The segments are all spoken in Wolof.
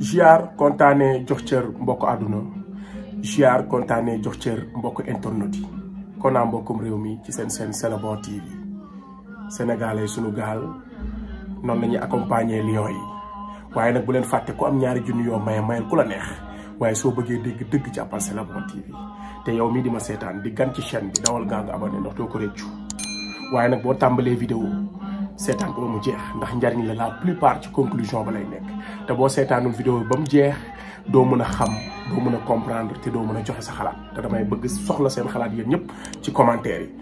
ziar kontaanee jox cër mbokk àdduna ziar kontaanee jox cër mbokk internet yi kon naa mbokkum réew mi ci seen seen C'est le bon TV sénégalais sunu gaal noonu la ñuy accompagner lion yi waaye nag bu leen fàtte ku am ñaari junni yoo maye mayal ku la neex waaye soo bëggee dégg dëgg jàppal C'est le bon TV te yow mii di ma seetaan di gan ci chaîne bi dawal gaa nga abonné ndax doo ko réccu waaye nag boo tàmbalee vidéo Setan ko mu jeex ndax njariñ la la plupart ci conclusion ba lay nek te bo seetaanul video ba mu jeex do meuna xam do meuna comprendre te do meuna joxe sa xalaat te damay bëgg soxla seen xalaat yeen ñep ci commentaire yi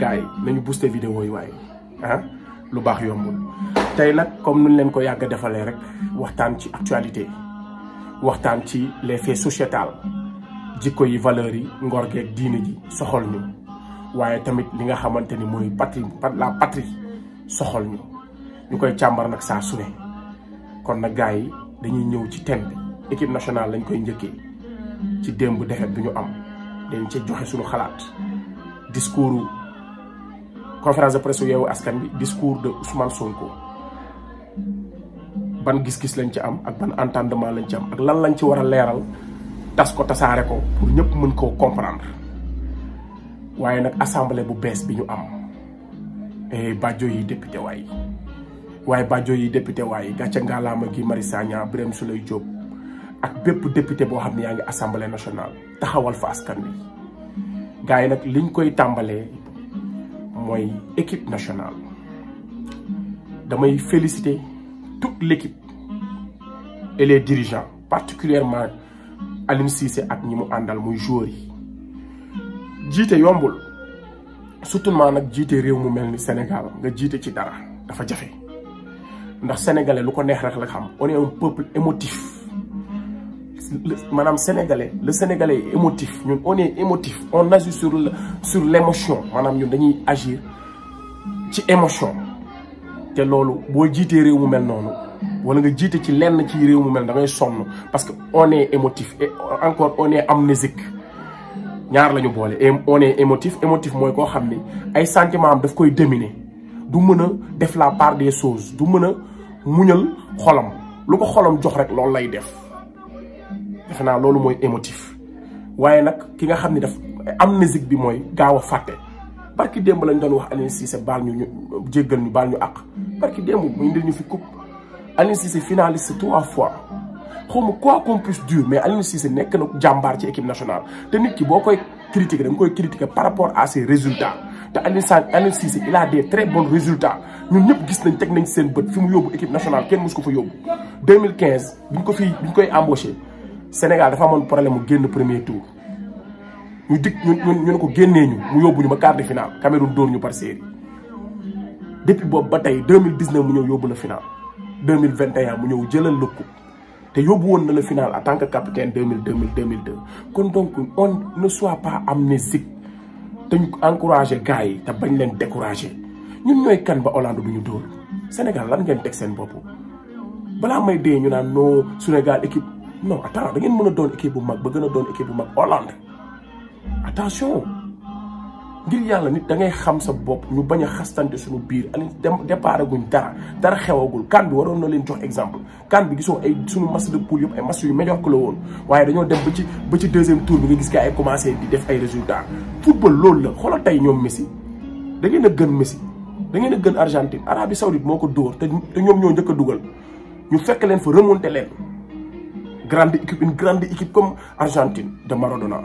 gaay nañu booster video yi way ah lu bax yomul tay nak comme nuñ leen ko yagg defalee rek waxtaan ci actualité waxtaan ci les faits sociétal jikko yi valeur yi ngor geek diine ji soxol ni waye tamit li nga xamanteni moy patrie la patrie soxal ñu ñu koy càmbar nag saa su kon nag gars yi dañuy ñëw ci thème bi équipe national lañ koy njëkkee ci démb defet bi ñu am dañ ci joxe suñu xalaat discours conférence de presse yeewu askan bi discours de Ousmane Sonko ban gis-gis lañ ci am ak ban entendement lañ ci am ak lan lañ ci war a leeral tas ko tasaare ko pour ñëpp mën koo comprendre waaye nag assemblée bu bees bi ñu am. Eh, bàjjo yi député waay waaye bàjjo yi député waay gàcce ngaalaama gi Mari Sagna Birame Souleye Diop ak bépp député boo xam ne yaa ngi assemblée nationale taxawal fa askan wi gars yi nag liñ koy tàmbalee mooy équipe nationale damay féliciter toute l'équipe et les dirigeants particulièrement Aliou Cissé ak ñi mu àndal muy joueurs yi jiite yombul surtout nag jiite réew mu mel ni Sénégal nga jiite ci dara dafa jafe ndax sénégalais lu ko neex rek la xam on est un peuple émotif maanaam sénégalais le sénégalais est émotif ñun on est émotif on agit sur le sur l' émotion maanaam ñun dañuy agir ci émotion te loolu boo jiitee réew mu mel noonu wala nga jiite ci lenn ci réew mu mel da ngay sonn parce que on est émotif et encore on am amnésique ñaar la ñu boole on est émotif émotif mooy koo xam ni ay sentiment am daf koy dominer du mën a def la part des choses du mën a muñal xolam lu ko xolam jox rek loolu lay def defe naa loolu mooy émotif waaye nag ki nga xam ni daf am amnésique bi mooy gaaw a fàtte barki démb lañ doon wax Aliou Cissé baal ñu ñu jéggal ñu baal ñu àq barki démb mu indil ñu fi coupe Aliou Cissé finaliste trois fois xaw quoi qu'on puisse dire mais Aliou Cissé nek na jambar ci équipe nationale té nit ki boo koy critiquer da koy critiquer par rapport à ses résultats té Aliou Cissé il a des très bons résultats ñun ñep gis nañ tek nañ seen beut fimu mu équipe nationale kenn mosu fa yóbbu 2015 biñ ko fi biñ koy embauché Sénégal dafa amone problème mu premier tour ñu dik ñu ñu ne ko génnee ñu mu yobbu ñu ba quart de finale Cameroun dóor ñu par série depuis boobu ba tey 2019 mu ñëw yobbu la finale 2021 mu ñëw jëlal le coupe te yóbbu woon na la final en tant que capitaine 2000 2000 2002 kon donc on ne soit pas amnésique dañ encourager gars yi te bañ leen décourager ñun ñoy kan ba Hollande bu ñu dóor Sénégal lan ngeen teg seen bopp balaa may dé ñu nan no Sénégal équipe non attends da ngeen mëna doon équipe bu mag ba gën doon équipe bu mag Hollande attention. ngir yàlla nit da ngay xam sa bopp ñu bañ a xastante suñu biir Aliou dem départ guñ dara dara xewagul kan bi waroon na leen jox exemple kan bi gisoo ay suñu match de poule yëpp ay match yu médiocre la woon waaye dañoo dem ba ci ba ci deuxième tour bi nga gis gaa ay commencé di def ay résultats football loolu la xoolal tey ñoom Messi da ngeen a gën Messi da ngeen a gën Argentine Arabie Saoudite moo ko dóor te ñoom ñoo njëkk a dugal ñu fekk leen fa remonté leen grande une grande équipe comme Argentine de Maradona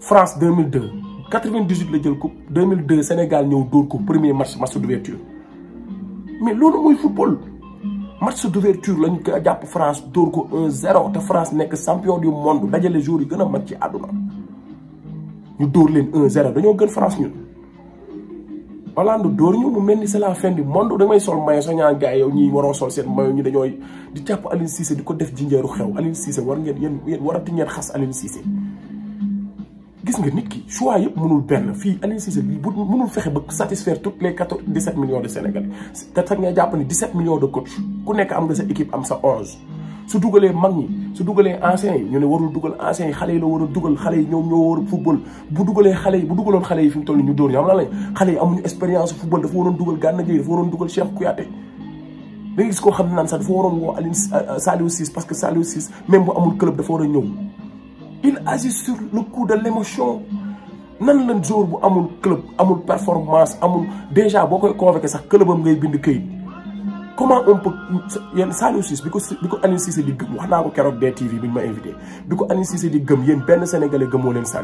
France 2002 98 la jël coupe 2002 Sénégal ñeu dóor ko premier match match d'ouverture mais lolu mooy football match d'ouverture lañu ko jàpp France dóor ko 1-0 te France nek champion du monde dajale jour yi gëna a ci aduna ñu dóor leen 1-0 dañu gën France ñun. Hollande dóor ñu mu melni c'est la fin du monde damay sol maillot sax gaay yow ñi waro sol seen maillot ñu dañoy di japp Aline Cissé di ko def jinjeeru xew Aline Cissé war ngeen yeen yéen warati ngeen xas Aline Cissé gis nga nit ki choix yëpp mënul benn fii Aliou Cissé bi bu mënul fexe ba satisfaire toutes les quatorze dix-sept millions de Sénégalais te sax ngay jàpp ni dix-sept millions de coach ku nekk am nga sa équipe am sa onze su dugalee mag ñi su dugalee ancien yi ñu ne warul dugal ancien yi xale yi la war a dugal xale yi ñoom ñoo war football bu dugalee xale yi bu dugaloon xale yi fi mu toll ñu door ñu am na lañ xale yi amuñu expérience football dafa waroon dugal Gana Gueye dafa waroon dugal Cheikh Kouyaté da nga gis koo xam ne naan sax dafa waroon woo Aliou Saliou Ciss parce que Saliou Ciss même bu amul club dafa war a ñëw il agit sur le coup de l'émotion nan le jour bu amul club amul performance amul déjà boo koy convoqué sax clubam ngay bind comment on peut yéen Saliou parce que ko bi un di gëm wax naa Carotte keroog DTV ma invité di gëm sénégalais sa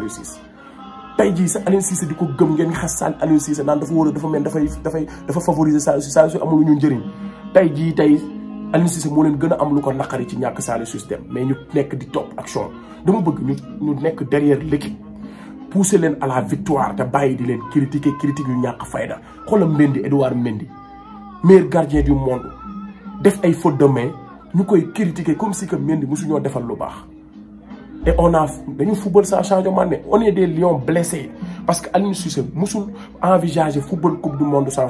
gëm favoriser salut amul ñu Aliou Cissé sommes len gëna am lu ko nakari ci système mais ñu nekk di top action dama bëgg ñu derrière l'équipe pousser nous à la victoire Nous sommes di len critiquer critique yu ñak fayda Mendy Edouard meilleur gardien du monde def ay faute de main critiquer comme si que Mendy ñoo defal lu baax et on a football on est des lions blessés parce que nous Cissé les envisager football coupe du monde sans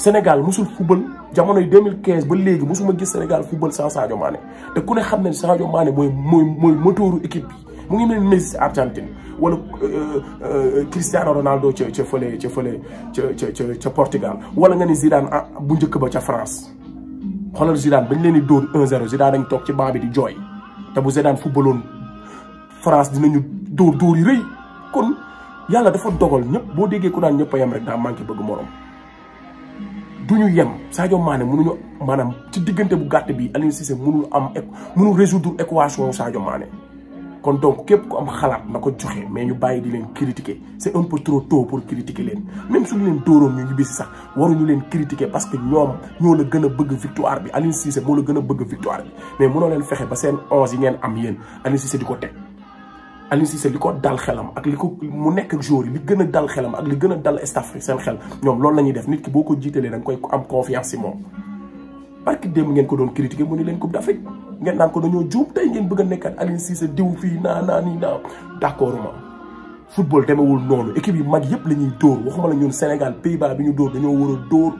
Sénégal musul football jamonoy 2015 ba léegi ma gis Sénégal football sans Sadio Mané te ku ne xam ne Sadio Mané mooy mooy mooy moteuru équipe bi mu ngi mel ni Messi Argentine wala euh, euh, Cristiano Ronaldo ca ca fële ca fële ca ca ca Portugal wala nga ni Zidane ah, bu njëkk ba ca France xoolal Zidane bañ leen di dóor 1-0 Zidane dañ toog ci banc bi di jooy te bu Zidane footballoon France dinañu dóor dóor yi rëy kon yàlla dafa dogal ñëpp boo déggee ku naan ñëpp a yem rek daa manqué bëgg morom. du ñu yem Sadio Mané ñu maanaam ci diggante bu gàtt bi Aliou Cissé mënul am mënul résoudre équation Sadio Mané kon donc képp ku am xalaat na ko joxe mais ñu bàyyi di leen critiquer c'est un peu trop tôt pour critiquer leen même suñu leen dóoroon ñu ñibbisi sax waruñu leen critiquer parce que ñoom ñoo la gën a bëgg victoire bi Aliou Cissé moo la gën a bëgg victoire bi mais mënoo leen fexe ba seen onze yi ngeen am yéen Aliou Cissé di ko teg C'est Cissé li dal xelam ak liko mu jour, yi li dal xelam ak li dal xel loolu def nit ki am confiance si parce que ngeen ko doon critiquer mu ni leen Coupe d'Afrique ngeen ko ngeen bëgg diw d'accord ma football demewul noonu équipe yi mag yépp lañuy ñuy waxuma la ñun Sénégal Pays-Bas biñu door dañoo door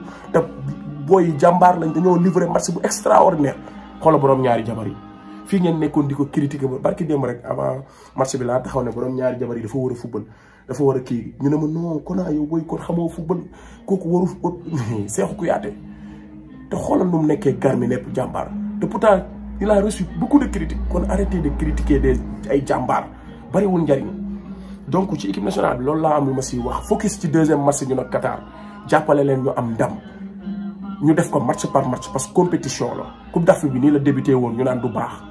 lañ dañoo livrer match bu extraordinaire xol borom ñaari jabar fii ngeen nekkoon di ko critiquer ba barki démb rek avant match bi laa taxaw ne borom ñaari jabar yi dafa war a football dafa war a kii ñu ne ma non Kona yow booy kon xamoo football kooku waru ko Cheikhou Kouyaté te xoolal nu mu nekkee garmi nepp jàmbaar te pourtant il a reçu beaucoup de critiques kon arrêtez de critiquer des ay jàmbaar bariwul njariñ donc ci équipe nationale bi loolu laa am lu ma si wax focus ci deuxième match ñu nag Qatar jàppale leen ñu am ndam ñu def ko match par match que compétition la coupe d'Afrique bi nii la débuté woon ñu naan du baax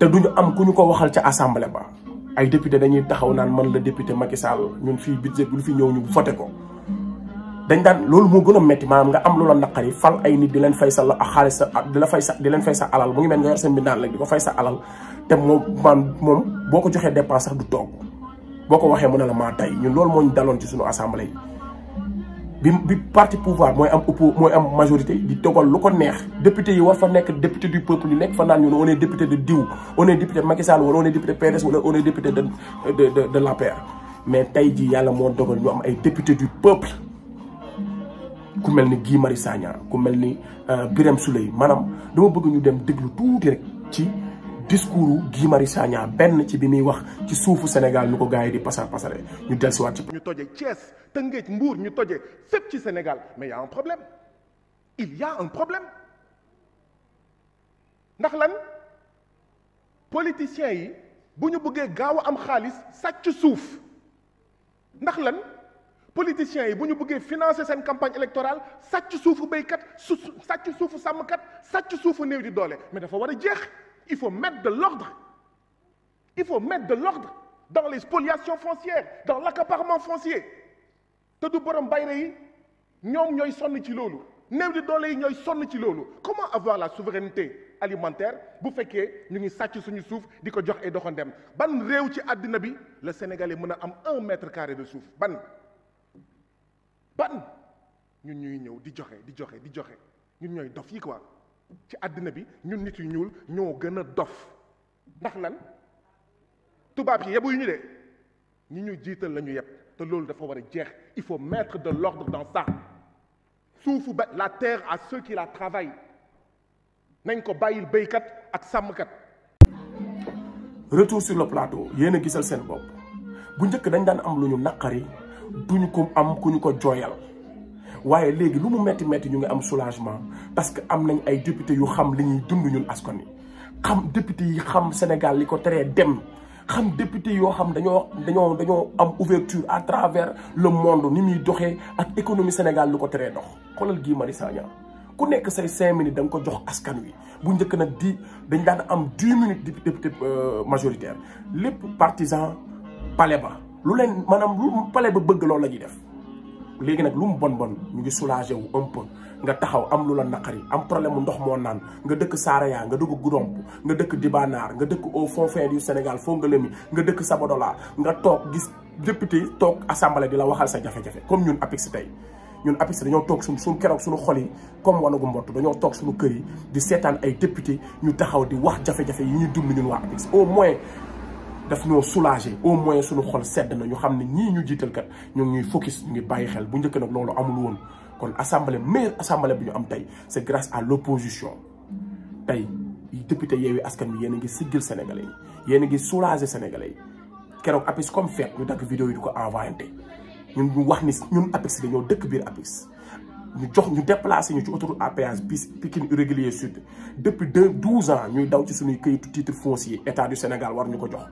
te du ñu am ku ñu ko waxal ca assemblée ba ay député dañuy taxaw naan man la député Macky Sall ñun fii budget lu fi ñëw ñu voté ko dañ daan loolu moo gën a métti maanaam nga am loola naqari fal ay nit di leen fay sa la xaalis sa di la fay sa di leen fay sax alal mu ngi mel nga yor seen mbindaan léegi di ko fay sa alal te moom man moom boo ko joxee dépense sax du toog boo ko waxee mu ne la maa tey ñun loolu moo ñu daloon ci suñu assemblée yi bi bi parti pouvoir moi am oppo mooy am majorité di dogal lu ko neex député yi war fa député du peuple ñu nek fa naan ñun on est député de diou on est député Macky Sall on est député PDS wala on est député de de de de paire mais tey jii yàlla moo dogal ñu am ay député du peuple ku melni ni Guy Marius Sagna ku melni ni euh, Birem souley manam dama bëgg ñu dem déglu tout rek ci discours Guy Marius ben ci bi muy wax ci suufu Sénégal ñu gaay di passer passeré ñu dellusiwaat ci. ñu toje Thiès Tëngéej Mbour ñu toje fep ci Sénégal mais il y a un problème il y a un problème ndax lan politiciens yi buñu bëggé gaaw am xaaliss sacc souf ndax lan politiciens yi buñu bëggé financer sen campagne électorale sàcc suufu béykat sacc sàcc suufu sàmmkat sàcc suufu néew di doolé mais dafa wara a jeex. Il faut mettre de l'ordre. Il faut mettre de l'ordre dans les spoliations foncières, dans l'accaparement foncier. te du borom bayre yi ñoom ñooy sonn ci loolu néew di doole comment avoir la souveraineté alimentaire bu fekkee ñu ngi sàcc suñu suuf di ko jox ay doxandem ban réew ci àddina bi Le sénégalais peut a un mètre carré de souffle. ban ban ñun ñuy ñëw di joxe di joxe di joxe ñun ñooy dof yi quoi ci àddina bi ñun nit yu ñuul ñoo gën a dof ndax lan tubaab yi yebuñu de ñi ñu jiital lañu yeb te loolu dafa war a jeex il faut mettre de l'ordre dans ça suufu ba la terre à ceux qui la travaillent nañ ko bàyyil béykat ak sàmmkat. retour sur le plateau yéen a gisal seen bopp bu njëkk dañ daan am lu ñu naqari duñu ko am ku ñu ko jooyal waaye léegi lu mu métti métti ñu ngi am soulagement parce que am nañ ay député yu xam li ñuy dund ñun askan wi xam député yi xam Sénégal li ko teree xam député yoo xam dañoo dañoo dañoo am ouverture à travers le monde ni muy doxee ak économie Sénégal lu ko teree dox xoolal Guy Marius Sagna ku nekk say cinq minutes da nga ko jox askan wi bu njëkk nag di dañ daan am dix minutes député euh, majoritaire lépp partisans palais ba lu leen maanaam lu bëgg loolu la ñuy def léegi nag lu mu bon bon ñu ngi soulagé wu un peu nga taxaw am lu la naqari am problème mu ndox moo naan nga dëkk Saraya nga dëkk Goudomp nga dëkk Dibanaar nga dëkk au fond fin Sénégal foo nga lemi nga dëkk Sabodola nga toog gis député toog assemblée di la waxal sa jafe comme ñun APIX tey. ñun APIX dañoo toog suñ suñ keroog suñu xol yi comme wanagu mbott dañoo toog suñu kër yi di seetaan ay député ñu taxaw di wax jafe-jafe yi ñuy dund ñun waa APIX au moins. daf ñoo soulager au moins suñu xol sedd na ñu xam ne ñii ñu jiital kat ñu ngi focus ñu ngi bàyyi xel bu njëkk nag loolu amul woon kon assemblée meilleure assemblée bi ñu am tey c'est grâce à l'opposition tey député Yewwi Askan bi yéen a ngi siggil sénégalais yi yéen a ngi soulager sénégalais yi keroog apis comme fait ñu dagg vidéo yi di ko envoyé ñun ñu wax ni ñun APIX dañoo dëkk biir apis ñu jox ñu déplacé ñu ci autoroute à bis Pikine irrégulier sud depuis 12 ans ñuy daw ci suñuy këyitu titre foncier état du Sénégal war ñu ko jox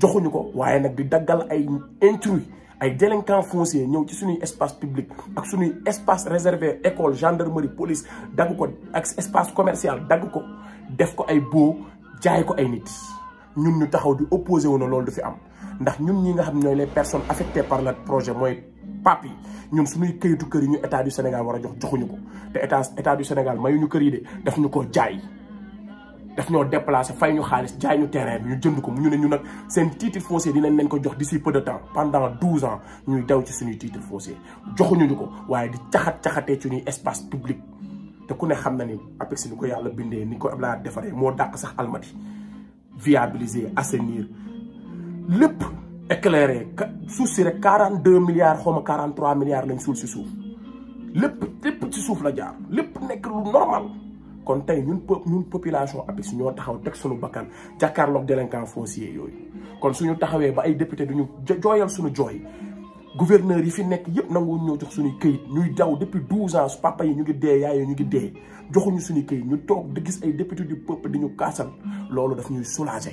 joxuñu ko waaye nag di daggal ay intrus ay délinquants fonciers ñëw ci suñu espace public ak suñu espace réservé école gendarmerie police dagg ko ak espace commercial dagg ko def ko ay boo jaay ko ay nit ñun ñu taxaw di opposé wona na loolu du fi am ndax ñun ñi nga xam ñoy les personnes affectées par le projet moy pap yi ñun suñuy këyitu kër ñu état du Sénégal war a jox joxuñu ko te état état du Sénégal mayuñu kër yi de daf ñu koo jaay daf ñoo déplacer fay ñu xaalis jaay ñu terrain bi ñu jënd ko mu ñu ne ñu nag seen titre foncier dinañ leen ko jox d'ici peu de temps pendant douze ans ñuy daw ci suñuy titre foncier joxuñuñu ko waaye di caxat-caxatee ci ñuy espace public te ku ne xam na ni APEX ni ko yàlla bindee ni ko Abdoulaye defaree moo dàq sax almati viabiliser ass lépp éclairé suuf si rek quarante deux milliards xaw ma quarante trois milliards lañ suul si suuf lépp lépp ci suuf la jaar lépp nekk lu normal kon tey ñun ñun population APIX ñoo taxaw teg suñu bakkan jàkkaarloog délinquant foncier yooyu. kon suñu taxawee ba ay député duñu jooyal suñu jooy gouverneur yi fi nekk yëpp nangu ñoo jox suñu këyit ñuy daw depuis douze ans papa yi ñu ngi dee yaaye ñu ngi dee joxuñu suñu këyit ñu toog di gis ay député du peuple di ñu kaasal loolu daf ñuy soulager.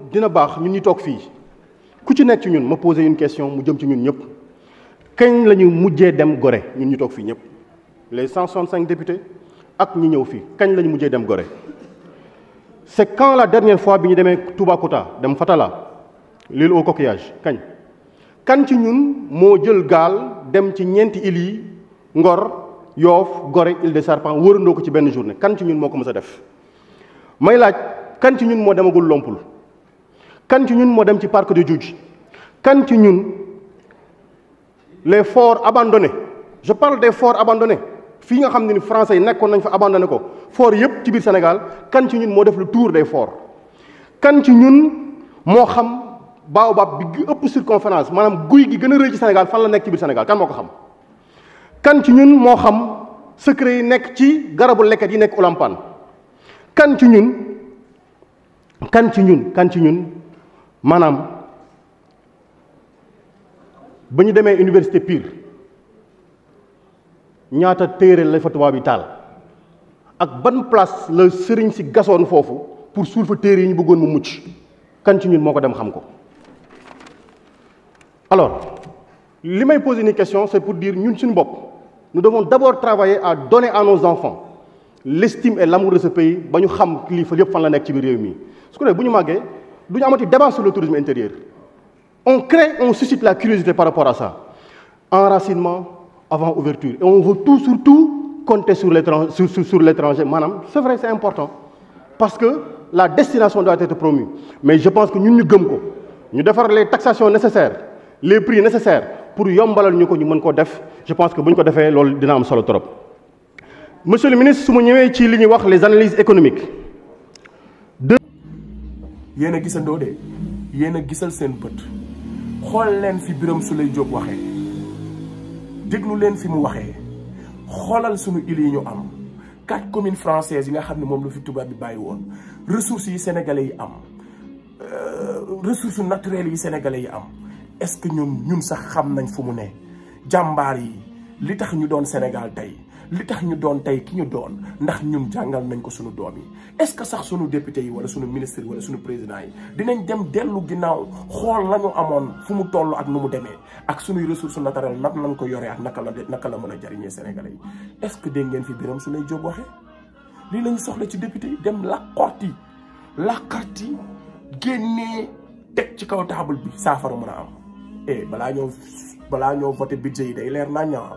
dina bax ñun ñi tok fi ku ci nekk ci ñun posé une question mu jëm ci ñun ñëpp kañ lañu que dem goré ñun ñu tok ñëpp les 165 députés ak ñi ñëw fi kañ la dem Gorée c'est quand la dernière fois bi ñu Touba Kota dem Fatala l'île au coquillage kañ kan ci ñun mo jël gal dem ci Ngor yof Gorée Île des Serpents wërndo ko ci ben journée kan ci ñun moko def may kan ci ñun moo dem ci parc de Djoudj kan ci ñun les forts abandonnés je parle des forts abandonnés fii nga xam ne ni français yi nekkoon nañ fa abandonné ko forts yépp ci biir Sénégal kan ci ñun moo def le tour des forts kan ci ñun moo xam baobab bi ëpp circonférence maanaam guy gi gën a rëy ci Sénégal fan la nekk ci biir Sénégal kan moo ko xam kan ci ñun moo xam secret yi nekk ci garabu lekkat yi nekk Oulampane kan ci ñun kan ci ñun kan ci ñun Manam, ba démé université Pire ñaata téré la fa tubaab yi ak ban place le sëriñ ci gasoon fofu pour suul téré ñu bëggoon mu mucc kan ci ñun moko dem xam ko alors limay poser une question c'est pour dire ñun suñu bop nous devons d'abord travailler à donner à nos enfants l'estime et l'amour de ce pays ba ñu xam fa yépp fan la nek ci réew mi su ko né buñu maggé nous ñu amati débat sur le tourisme intérieur on crée on suscite la curiosité par rapport à ça enracinement avant ouverture et on veut tout surtout compter sur l'étranger sur l'étranger c'est vrai c'est important parce que la destination doit être promue mais je pense que nous devons faire les taxations nécessaires les prix nécessaires pour yombalal nous ñu je pense que nous devons faire le dynamisme monsieur le ministre les analyses économiques. yéen a gisandoo de yéen a gisal seen bët xool leen fi Birame lay Diop waxee déglu leen fi mu waxee xoolal suñu îles yi ñu am quatre communes françaises yi nga xam ne moom lu fi tubaab bi bàyyi woon ressources yi sénégalais yi am euh, ressources naturelles yi sénégalais yi am est-ce que ñun ñun sax xam nañ fu mu ne jàmbaar yi li tax ñu doon Sénégal tey li tax ñu doon tey ki ñu doon ndax ñun jàngal nañ ko suñu doom yi est-ce que sax suñu député yi wala suñu ministre yi wala suñu président yi dinañ dem dellu ginnaaw xool la ñu amoon fu mu toll ak nu mu demee ak suñuy ressources naturelles nag lañ ko yoree ak naka la naka la mën a jariñee Sénégalais yi est-ce que dégg ngeen fi Birame Souleye Diop waxee lii lañu soxla ci député yi dem làqorti làqorti génnee teg ci kaw taabal bi saafara mën a am e balaa ñoo balaa ñoo voté budget yi leer naa ñaa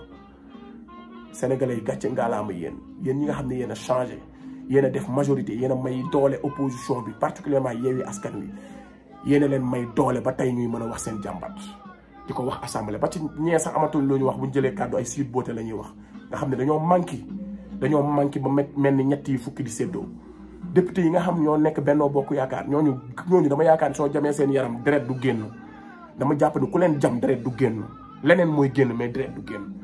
sénégalais yi gatché ngaalaama yeen yeen ñi nga xamné yeen a changer yeen a def majorité yeen a may doolé opposition bi particulièrement yewi Askan Wi yeen a len may doolé ba tay ñuy mëna wax seen jambat diko wax assemblée ba ci ñee sax amatul lu wax buñu jëlé cadeau ay suite boote lañuy wax nga xamné dañoo manki dañoo manki ba melni ñetti yi fukki di seddo député yi nga xam ñoo nekk bennoo bokk yaakaar ñoo ñooñu dama yaakar so jamee seen yaram deret du génn dama japp ni ku leen jam deret du génn leneen moy génn mais deret du génn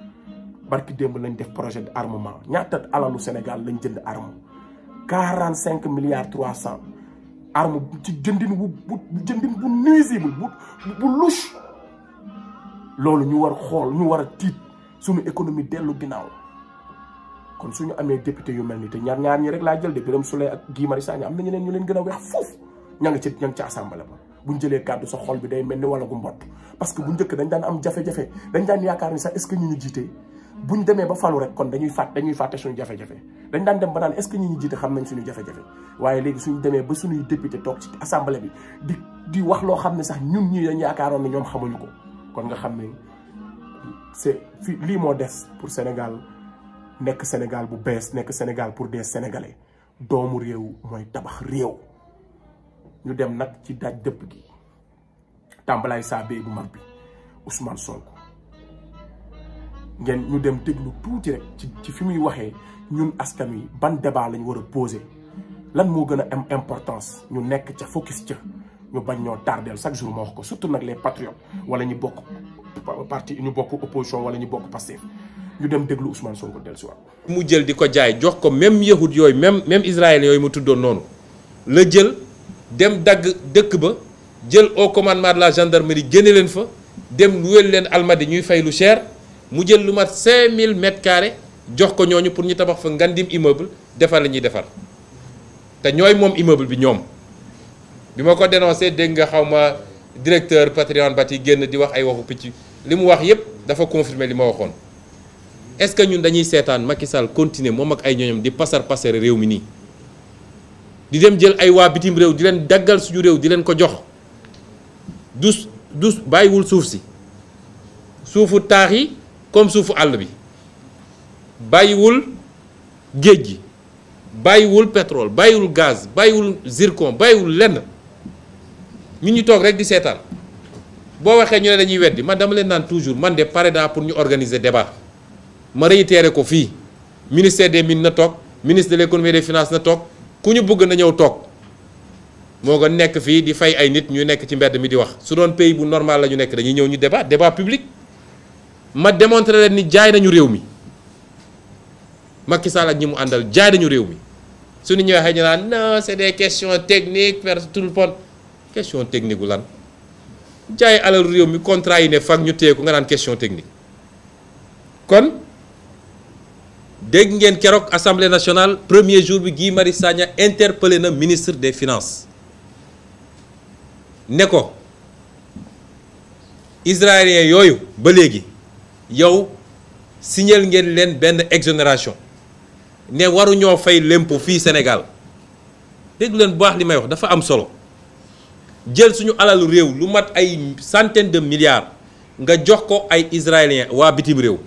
barki démb lañ def projet d'armement armement ñaata alalu Sénégal lañ jënd arme 45 milliards 300 arme ci jëndin bu bu jëndin bu nuisible bu bu louche lolu ñu war xol ñu war tit suñu économie delu ginaaw kon suñu amé député yu melni té ñaar ñaar ñi rek la jël dé Birame Souleye ak Guy Marius Sagna am na ñeneen ñu leen gëna wéx weex foofu ña nga ci ña ci assemblée ba buñ jëlé cadre sa xol bi day melni wala gu mbott parce que buñ jëk dañ daan am jafé jafé dañ daan yaakaar ni sax est ce que ñu ñu jité buñ demee ba falu rek kon dañuy fàtt dañuy fàtte suñu jafe-jafe dañ daan dem ba naan est-ce que ñi ñu jiite xam nañ suñu jafe-jafe waaye léegi suñu demee ba suñuy député toog ci assemblée bi di di wax loo xam ne sax ñun ñi dañ yaakaaroon ne ñoom xamuñu ko kon nga xam ne c'est fi lii moo des pour Sénégal nekk Sénégal bu bees nekk Sénégal pour des Sénégalais doomu réew mooy tabax réew ñu dem nag ci daaj dëpp gi tàmbalaay saa bee bu mag bi Ousmane Sonko Nous ñu dem déglu tuuti rek ci ci fi muy waxee ñun askan ban débat lañ a poser lan moo a am importance ñu nekk ca focus ca ñu bañ ñoo tardel chaque jour ma wax surtout les patriotes wala ñu bokk parti ñu bokk opposition wala ñu bokk ñu dem déglu Ousmane Sonko mu jël di jaay jox ko même yooyu même même israël yooyu mu tuddoon noonu la jël dem dagg dëkk ba jël au commandement de la gendarmerie génne fa dem leen almadi mu jël lu mat 5000 mètres carrés jox ko ñooñu pour ñu tabax fa ngandim immeuble defar la ñuy defar te ñooy moom immeuble bi ñoom bi ma ko dénoncé dégg nga xaw ma directeur patrimoine bâti génn di wax ay waxu picc li mu wax yépp dafa confirmer li ma waxoon est-ce que ñun dañuy seetaan Macky Sall continuer moom ak ay ñooñam di pasar pasar réew mi nii di dem jël ay waa bitim réew di leen daggal suñu réew di leen ko jox dus dus bàyyiwul suuf si suufu taax yi comme suufu àll bi bàyyiwul géej gi bàyyiwul pétrole bàyyiwul gaz bàyyiwul zircon bàyyiwul lenn ñun ñu toog rek di seetaan boo waxee ñu ne dañuy weddi man dama leen naan toujours man de pare naa pour ñu organiser débat ma réitéré ko fii ministère de mines na toog ministre de l'économie et des na toog ku ñu bëgg na ñëw toog moo nga nekk fii di fay ay nit ñu nekk ci mbedd mi di wax su doon pays bu normal la ñu nekk dañuy ñëw ñu débat débat public ma démontrer leen ni jaay nañu réew mi ñi mu àndal jaay non c'est des questions techniques vers tout question technique lan jaay alal contrat question technique kon ngeen assemblée nationale premier jour Guy Mari Sagna interpellé ministre des finances ne ko israélien ba Yo, signal ngeen len exonération ne fay l'impôt fi Sénégal dégg leen bu baax wax dafa am solo jël suñu alalu réew lu ay centaine de milliards nga jox ko ay israéliens wa bitim réew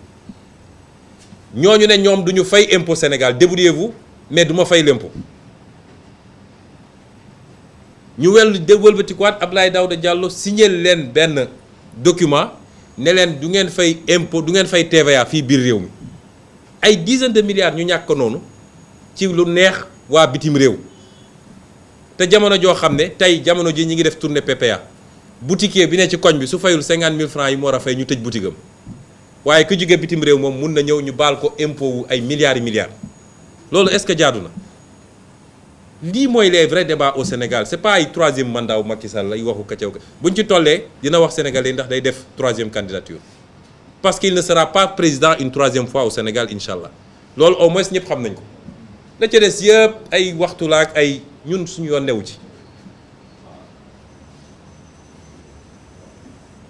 ñooñu ne ñoom duñu fay impôt Sénégal débrouillez-vous mais duma fay l'impôt ñu wel wëlbatikuwaat Abdoulaye Daouda Diallo leen benn document ne leen du ngeen fay impôt du ngeen fay TVA fii biir réew mi ay dizaine de milliards ñu ñàkk noonu ci lu neex waa bitim réew te jamono joo xam ne tey jamono ji ñu ngi def tournée PPA boutiquier bi ne ci koñ bi su fayul cinquante mille francs yi moo war ñu tëj boutique am waaye ku jóge bitim réew moom mun na ñëw ñu baal ko impôt wu ay milliards yi milliards loolu est-ce que jaadu na. li moy les vrais débats au Sénégal c'est pas le troisième mandat wu Macky Sall ay waxu kacaw buñ ci tollé dina wax sénégalais ndax day def troisième candidature parce qu'il ne sera pas président une troisième fois au Sénégal Inshallah. lol au moins ñep xam nañ ko la ci dess yeb ay waxtu la ak ay ñun suñu yoon newu ci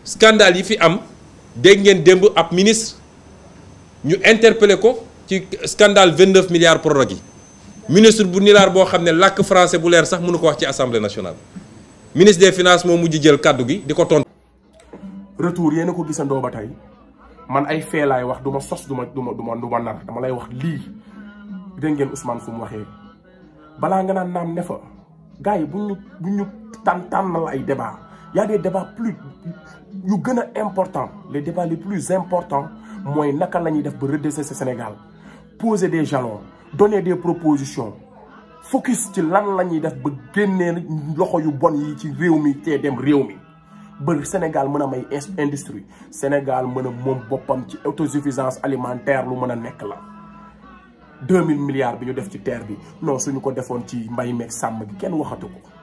scandale yi fi am dégg ngeen démb ab ministre ñu interpellé ko ci scandale 29 milliards prorogue ministre bu nilaar boo xam ne français bu leer sax mënu ko wax ci assemblée nationale ministre des finances mo mujj jël cadeau gi diko ton retour yéen ko gisandoo ba tey man ay feelaay wax duma sos duma duma duma nar dama lay wax li dégg ngeen Ousmane fum mu bala nga nan nam nefa gaay buñu buñu bu ñu la ay débat y a des débats plus yu gën important les débats les plus importants mooy naka la ñuy def ba redresser le Sénégal poser des jalons. donner des proposition focus ci lan la ñuy def ba génnee loxo yu bon yi ci réew mi te dem réew mi ba Sénégal mën a may industrie Sénégal mën a moom boppam ci autosuffisance alimentaire lu mën a nekk la deux mille milliards bi ñu def ci terre bi non suñu ko defoon ci mbay meeg sàmm gi kenn waxatu ko